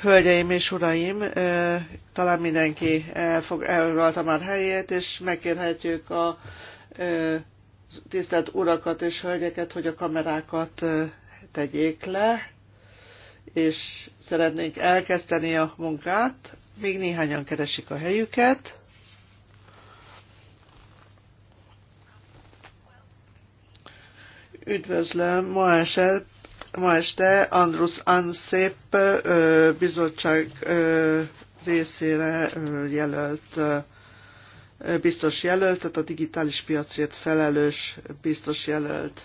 Hölgyeim és uraim, talán mindenki elfog, elfoglalta már helyét, és megkérhetjük a tisztelt urakat és hölgyeket, hogy a kamerákat tegyék le, és szeretnénk elkezdeni a munkát. Még néhányan keresik a helyüket. Üdvözlöm ma, eset, ma este Andrus Ansép bizottság részére jelölt biztos jelölt, tehát a digitális piacért felelős biztos jelölt.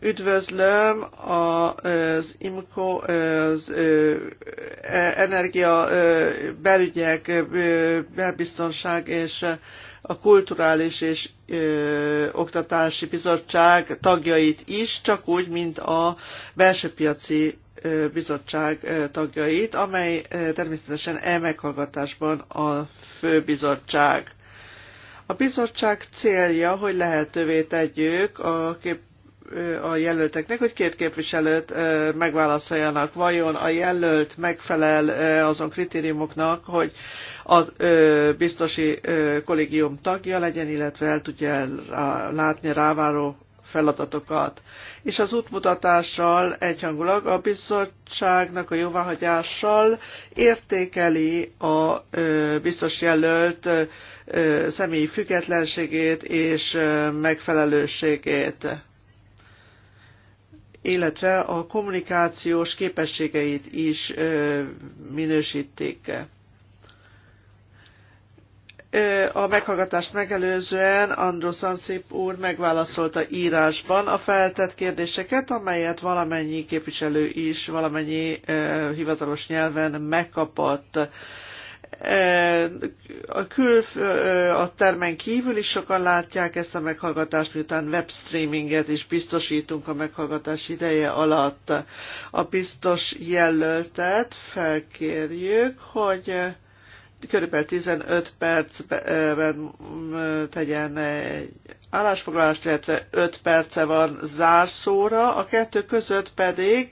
Üdvözlöm az IMCO, az e, energia, belügyek, belbiztonság és a Kulturális és ö, Oktatási Bizottság tagjait is, csak úgy, mint a Belső Piaci ö, Bizottság ö, tagjait, amely ö, természetesen e-meghallgatásban a főbizottság. A bizottság célja, hogy lehetővé tegyük a kép a jelölteknek, hogy két képviselőt megválaszoljanak. Vajon a jelölt megfelel azon kritériumoknak, hogy a biztosi kollégium tagja legyen, illetve el tudja látni ráváró feladatokat. És az útmutatással egyhangulag a bizottságnak a jóváhagyással értékeli a biztos jelölt személyi függetlenségét és megfelelőségét illetve a kommunikációs képességeit is minősítik a meghallgatást megelőzően Andró Szanszép úr megválaszolta írásban a feltett kérdéseket, amelyet valamennyi képviselő is valamennyi hivatalos nyelven megkapott a kül a termen kívül is sokan látják ezt a meghallgatást, miután webstreaminget is biztosítunk a meghallgatás ideje alatt. A biztos jelöltet felkérjük, hogy körülbelül 15 percben tegyen egy állásfoglalást, illetve 5 perce van zárszóra, a kettő között pedig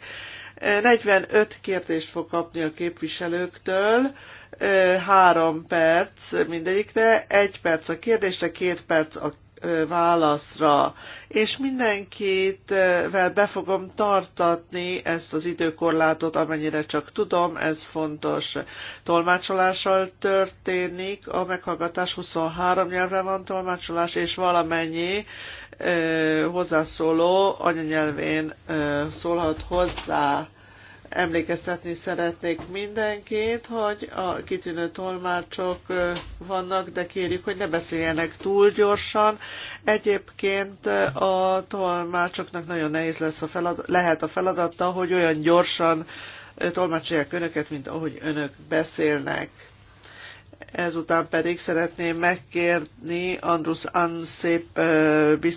45 kérdést fog kapni a képviselőktől, három perc mindegyikre, egy perc a kérdésre, két perc a válaszra, és mindenkitvel be fogom tartatni ezt az időkorlátot, amennyire csak tudom, ez fontos. Tolmácsolással történik, a meghallgatás 23 nyelvre van tolmácsolás, és valamennyi ö, hozzászóló anyanyelvén ö, szólhat hozzá. Emlékeztetni szeretnék mindenkit, hogy a kitűnő tolmácsok vannak, de kérjük, hogy ne beszéljenek túl gyorsan. Egyébként a tolmácsoknak nagyon nehéz lesz a feladat, lehet a feladata, hogy olyan gyorsan tolmácsolják önöket, mint ahogy önök beszélnek. Ezután pedig szeretném megkérni Andrus Ansip biztos,